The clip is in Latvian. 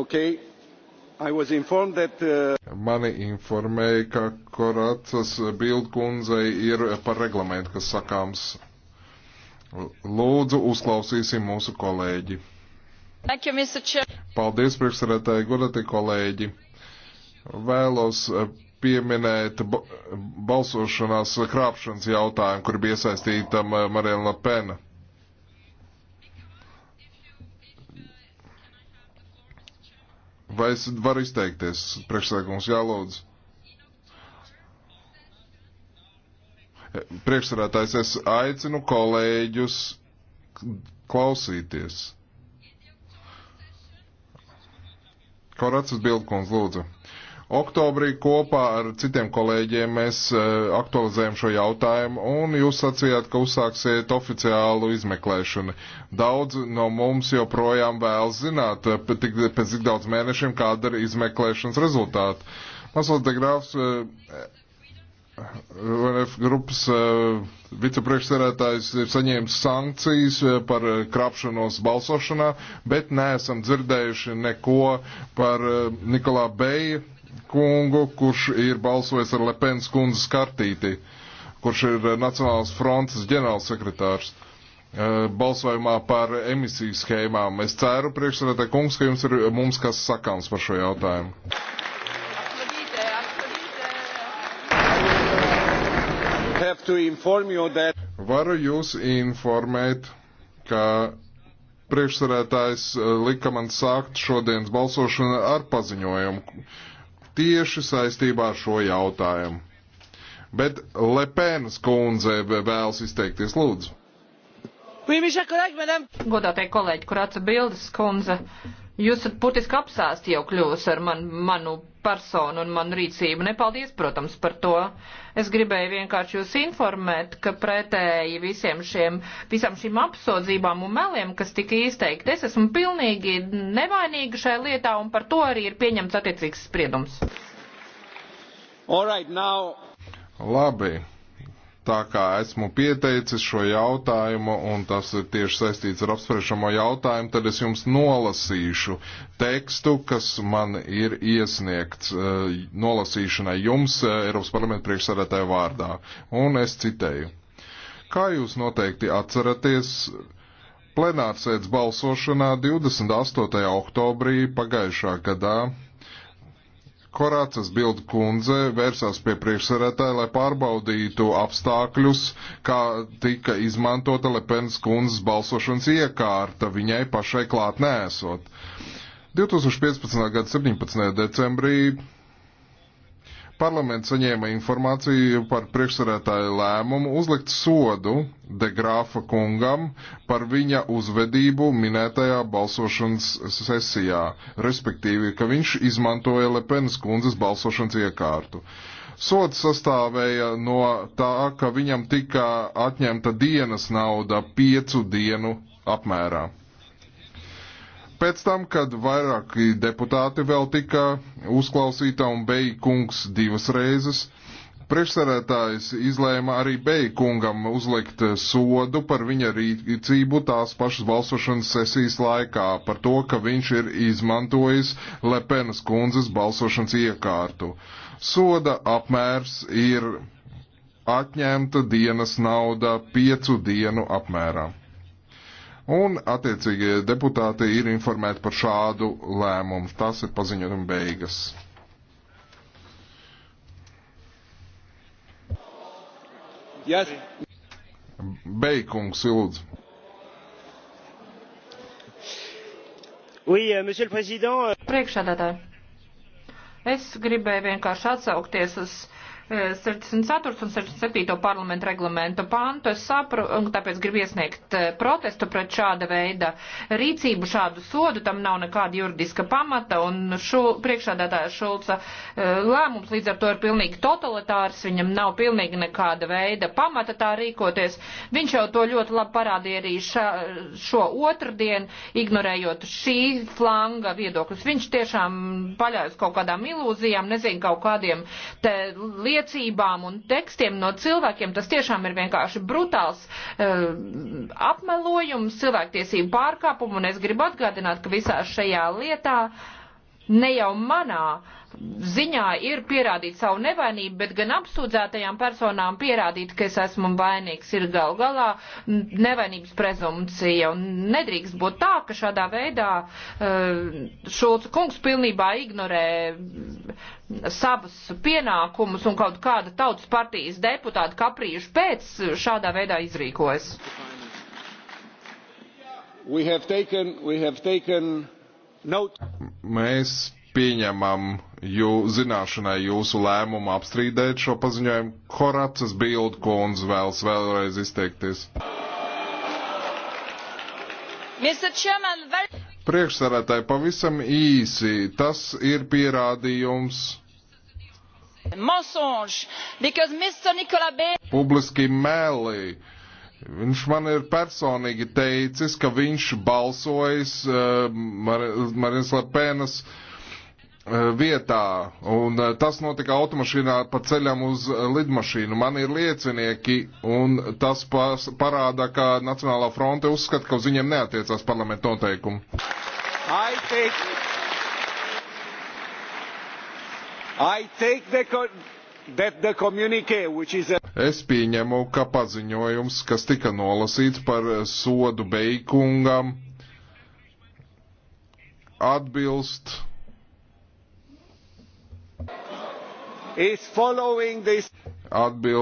Okay. That, uh... Mani informēja, ka Koracas bildkundzei ir par reglamentu, kas sakāms. Lūdzu, uzklausīsim mūsu kolēģi. Thank you, Mr. Chair. Paldies, priekšsarētāji, godati kolēģi. Vēlos uh, pieminēt balsošanās krāpšanas jautājumu, kur bija iesaistīta Mariela Pena Vai es varu izteikties? Priekšsēdētājs jālūdz. Priekšsēdētājs, es aicinu kolēģus klausīties. Korats Bildkons, lūdzu. Oktobrī kopā ar citiem kolēģiem mēs e, aktualizējam šo jautājumu, un jūs sacījāt, ka uzsāksiet oficiālu izmeklēšanu. Daudz no mums joprojām vēl zināt, e, pēc cik daudz mēnešiem, kāda ir izmeklēšanas rezultāti. Maslow de Grāfs, UNF e, grupas vicepriekšsēdētājs ir saņēmis sankcijas par krāpšanos balsošanā, bet neesam dzirdējuši neko par Nikolā Beja kungu, kurš ir balsojis ar Lepens kundzes kartīti, kurš ir eh, Nacionālās frontes ģenerālsekretārs eh, balsojumā par emisiju schēmām. Es ceru, priekšsēdētāj kungs, ka jums ir mums kas sakāms par šo jautājumu. That... Varu jūs informēt, ka priekšsarētājs eh, lika man sākt šodienas balsošanu ar paziņojumu, tieši saistībā ar šo jautājumu. Bet Lepēnas kundze vēlas izteikties, lūdzu. Godātie kolēģi, kur atsebildes kundze, Jūs esat burtiski apsēsti jau kļūs ar man, manu personu un manu rīcību. Nepaldies, protams, par to. Es gribēju vienkārši jūs informēt, ka pretēji visiem šiem, visam šīm apsūdzībām un meliem, kas tika izteikti, es esmu pilnīgi nevainīga šajā lietā un par to arī ir pieņemts attiecīgs spriedums. All right, now... Labi, Tā kā esmu pieteicis šo jautājumu, un tas ir tieši saistīts ar apspriešamo jautājumu, tad es jums nolasīšu tekstu, kas man ir iesniegts eh, nolasīšanai jums eh, Eiropas parlamenta priekšsēdētāja vārdā. Un es citēju. Kā jūs noteikti atceraties, plenārsēdz balsošanā 28. oktobrī pagājušā gadā Korācas Bildu kundze vērsās pie priekšsarētāja, lai pārbaudītu apstākļus, kā tika izmantota Lepenas kundzes balsošanas iekārta viņai pašai klāt nēsot. 2015. gada 17. decembrī Parlaments saņēma informāciju par priekšsarētāju lēmumu uzlikt sodu de Grāfa kungam par viņa uzvedību minētajā balsošanas sesijā, respektīvi, ka viņš izmantoja Lepenas kundzes balsošanas iekārtu. Sots sastāvēja no tā, ka viņam tika atņemta dienas nauda piecu dienu apmērā. Pēc tam, kad vairāki deputāti vēl tika uzklausīta un beigungs divas reizes, priekšsarētājs izlēma arī beigungam uzlikt sodu par viņa rīcību tās pašas balsošanas sesijas laikā, par to, ka viņš ir izmantojis Lepenas kundzes balsošanas iekārtu. Soda apmērs ir atņemta dienas nauda piecu dienu apmērā. Un attiecīgie deputāti ir informēti par šādu lēmumu. Tas ir paziņojuma beigas. Yes. Beikungs, lūdzu. Oui, euh, monsieur le président. Euh- Priekšādātāji. Es gribēju vienkārši atsaukties uz 64. un 67. parlamentu reglamenta pantu. Es sapru, un tāpēc gribu iesniegt eh, protestu pret šāda veida rīcību, šādu sodu. Tam nav nekāda juridiska pamata, un šo priekšādātāja Šulca eh, lēmums līdz ar to ir pilnīgi totalitārs. Viņam nav pilnīgi nekāda veida pamata tā rīkoties. Viņš jau to ļoti labi parādīja arī šā, šo otrdienu, ignorējot šī flanga viedokļus. Viņš tiešām paļaujas kaut kādām ilūzijām, nezinu, kaut kādiem te lietām liecībām un tekstiem no cilvēkiem. Tas tiešām ir vienkārši brutāls uh, apmelojums, cilvēktiesību pārkāpumu, un es gribu atgādināt, ka visā šajā lietā uh, ne jau manā ziņā ir pierādīt savu nevainību, bet gan apsūdzētajām personām pierādīt, ka es esmu vainīgs, ir gal galā nevainības prezumcija. Un nedrīkst būt tā, ka šādā veidā eh, Šulca kungs pilnībā ignorē mm, savus pienākumus un kaut kāda tautas partijas deputāta kaprīšu pēc šādā veidā izrīkojas. We have taken, we have taken Mēs pieņemam jū, zināšanai jūsu lēmumu apstrīdēt šo paziņojumu. Horacas Bildu kundze vēlas vēlreiz izteikties. Priekšsarētāji pavisam īsi, tas ir pierādījums. Publiski meli Viņš man ir personīgi teicis, ka viņš balsojis uh, eh, Mar Marijas Lepenas uh, eh, vietā, un uh, tas notika automašīnā pa ceļam uz lidmašīnu. Man ir liecinieki, un tas pas, parāda, ka Nacionālā fronte uzskata, ka uz viņiem neatiecās parlamenta noteikumi. I take, I take the, that the communique, which is a Es pieņemu, ka paziņojums, kas tika nolasīts par sodu beikungam, atbilst. Atbilst.